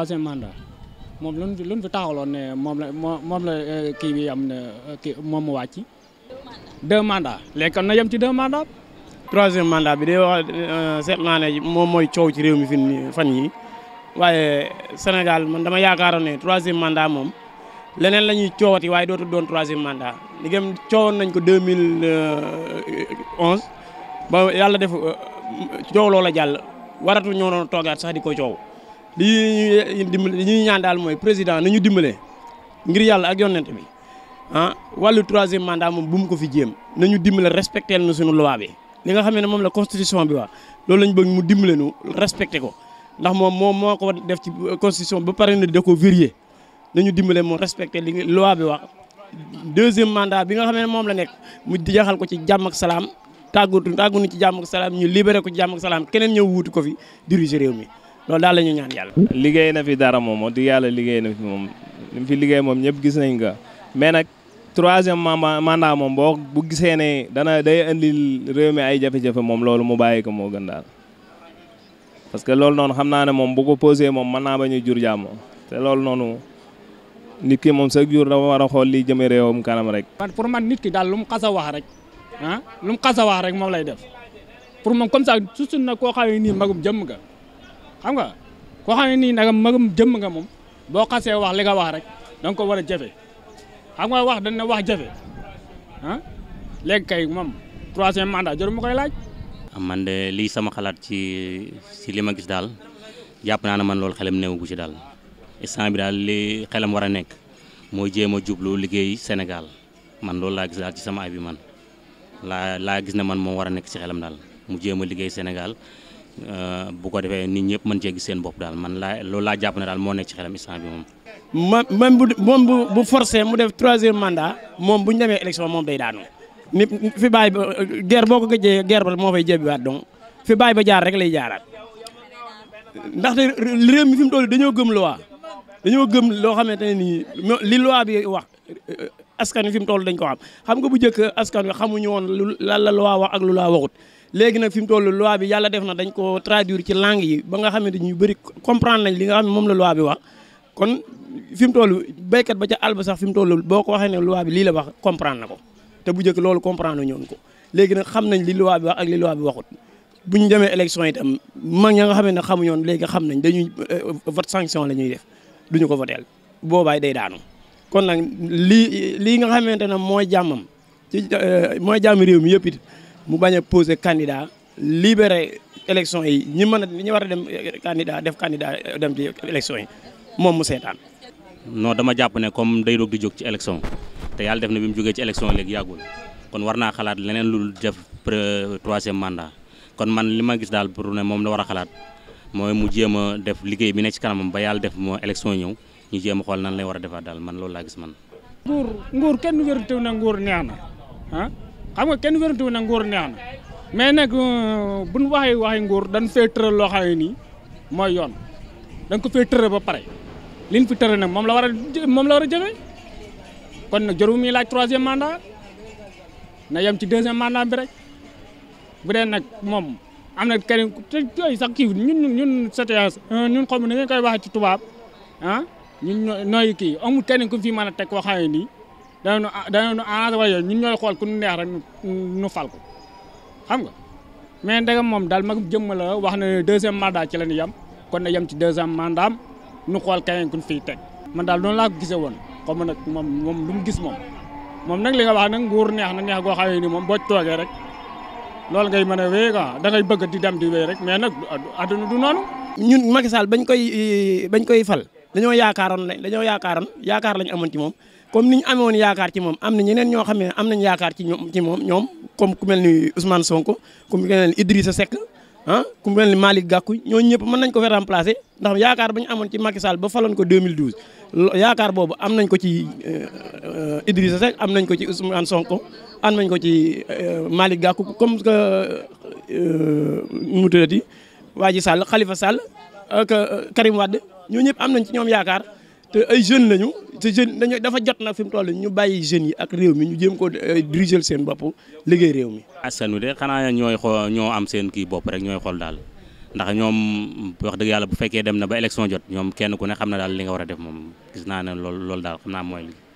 troisième mandat moom lu ñu lu ñu ne moom la moom la euh, kii bi am na euh, kii moom mu wàcc. deux mandats léegi na yem ci deux mandats. troisième mandat bi day wax euh, seet naa ne moom mooy coow ci réew mi fi fan yi waaye Sénégal man dama yaakaaroon ne troisième mandat moom leneen la ñuy coowati waaye dootul doon troisième mandat li ngeen coowoon nañ ko 2011 ba yàlla def coow loola jàll waratu ñoo doon toogaat sax di ko coow. li ñuy dimbale ñuy ñaan daal mooy président nañu dimbale ngir yàlla ak yonent bi ah wàllu troisième mandat moom bu mu ko fi jéem nañu dimbale respecté na suñu loi bi. li nga xam ne moom la constitution bi wax loolu lañ bëgg mu dimbale nu respecté ko ndax moom moom moo ko def ci constitution ba pare na da ko vérifier nañu dimbale moo respecté li loi bi wax. deuxième mandat bi nga xam ne moom la nekk mu jeexal ko ci jàmm salaam tàggatu tàgguñu ci jàmm ak ñu libéré ko ci jàmm salaam keneen ñëw wuutu ko fi diriger réew mi. loolu daal la ñu ñaan yàlla. liggéey na fi dara moom wax dëgg yàlla liggéey na fi moom li fi liggéey moom ñëpp gis nañ nga mais nag troisième mandat moom boo bu gisee ne dana day indil réew mi ay jafe-jafe moom loolu mu bàyyi ko moo gën daal. parce que loolu noonu xam naa ne moom bu ko posé moom man naa ba jur jàmm te loolu noonu nit ki moom chaque jour dafa war a xool li réew réewam kanam rek. man pour man nit ki daal lu mu kas a wax rek ah lu mu xas a rek moom lay def pour man comme ça suuf na koo xam ne nii jëmm nga. xam nga koo xam ne nii nag magum jëmm nga moom boo xasee wax li nga wax rek danga ko war a jafe xam nga wax dañ ne wax jafe ah léegi kay moom troisième mandat jëru ma koy laaj. Ah, man de lii sama xalaat ci si li ma gis daal jàpp naa ne man loolu xelam néew gu ci daal instant bi daal li xelam war a nekk mooy jéem a jublu liggéey senegal man loolu laa gis daal ci sama ay bi man laa laa gis ne man moom war a nekk ci xelam daal mu jéem a liggéey senegal Euh, bu ko defee nit ñëpp mën cee gis seen bopp daal man laa loolu laa jàpp na daal moo nekk ci xelam instant bi moom. ma man bu moom bu bu forcé mu def troisième manda moom bu ñu demee élection moom bay daanu. ni fi bàyyi ba guerre boo ko gëjee guerre moo fay jébbiwaat donc fi bàyyi ba jaar rek lay jaaraat ndaxte réew mi fi dañoo gëm loi dañoo gëm loo xamante ne nii li loi bi wax askan wi fi mu toll dañ ko xam xam nga bu njëkk askan wi xamuñu woon lu lan la loi wax ak lu loi waxut. léegi nag fi mu toll loi bi yàlla def na dañ ko traduire ci langue yi ba nga xamante ñu bëri comprendre nañ li nga xam ne moom la loi bi wax kon fi mu toll béykat ba ca àll ba sax fi mu toll boo ko waxee ne loi bi lii la wax comprendre na te bu njëkk loolu comprendre ñoon ko léegi nag xam nañ li loi bi wax ak li bi waxut bu ñu demee élection itam mag ña nga xam ne xamuñoon léegi xam nañ dañuy euh, vote sanction la ñuy def duñu ko voteel boobaay day daanu kon nag lii lii nga xamante ne mooy jàmmam ci euh, mooy jàmm réew mi yëpp mu bañ a poser candidat libéré yi ñi mën a ñi war a dem eh, candidat def candidat eh, dem ci élection yi moom mu seetaan. non dama jàpp ne comme day doog di jóg ci élection te yàlla def na bi mu jógee ci élection léegi yàggul kon war naa xalaat leneen lu def troisième mandat kon man li ma gis daal pour ne moom la war a xalaat mooy mu jéem a def liggéey bi ne ci kanamam ba yàlla def moo élection ñëw ñu jéema xool nan lay war a defaat daal man loolu laa gis man. xam nga kenn wérantu na nguur neex na mais nag euh, bu ñu waxee waxee nguur dañ fee tëral loo xam nii mooy yoon dañ ko fee tëral ba pare liñ fi tëral nag moom la war a moom la war a jëfee kon nag jarul muy laaj troisième mandat na yem ci deuxième mandat bi rek bu dee nag moom am na keneen ay sax kii ñun ñun CTA euh, ñun xaw ma na ngeen koy ci tubaab ah ñun ñooy kii amul keneen ku fii ma a teg koo nii. danañu danañu arrangé wala yooyu ñun ñooy xool ku ñu neex rek nu fal ko xam nga mais ndegam moom daal mag jëmm la wax na deuxième daal ci la ñu yem kon na yem ci deuxième mandat nu xool keneen ku ñu fiy teg man daal noonu laa ko gisee woon xaw ma nag moom moom lu mu gis moom moom nag li nga wax nag nguur neex na neex goo xamee ni moom boo toogee rek loolu ngay mën a wéy quoi da ngay bëgg di dem di wéy rek mais nag adduna du noonu. ñun Macky Sall bañ koy bañ koy fal dañoo yaakaaroon ne dañoo yaakaaroon yaakaar lañ amoon ci moom. comme ni ñu amoon yaakaar ci moom am na ñeneen ñoo xam ne am nañ yaakaar ci ñoom ci moom ñoom comme ku mel ni Ousmane Sonko ku mel ni Idrissa Seck ah ñooñu ñëpp mën nañ ko fa remplacer ndax yaakaar ba ñu amoon ci Macky Sall ba faloon ko 2012 yaakaar boobu am nañ ko ci euh, euh, Idrissa Seck am nañ ko ci Ousmane Sonko am nañ ko ci euh, Malick Gakou comme que nu mu waa ji Sall Khalifa Sall ak ñoo ñëpp am nañ ci ñoom yaakaar. te ay jeunes lañu te jeunes dañu dafa jot nag fi mu toll ñu bàyyi jeunes yi ak réew mi ñu jéem ko euh, diriger seen bopp liggéey réew mi. askan wi de xanaa ñooy xool ñoo am seen kii bopp rek ñooy xool daal ndax ñoom wax dëgg yàlla bu fekkee dem na ba élection jot ñoom kenn ku ne xam na daal li nga war a def moom gis naa ne lool loolu daal xam naa mooy li